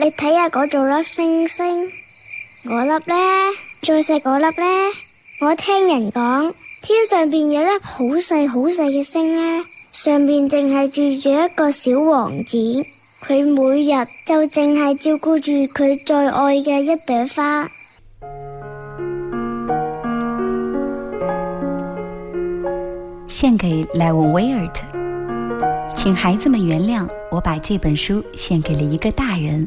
你睇下嗰種粒星星，我粒咧最細嗰粒咧。我聽人講，天上邊有粒好細好細嘅星咧，上邊淨係住住一個小王子，佢每日就淨係照顧住佢最愛嘅一朵花。獻給萊文·威爾特，請孩子們原諒，我把這本書獻給了一個大人。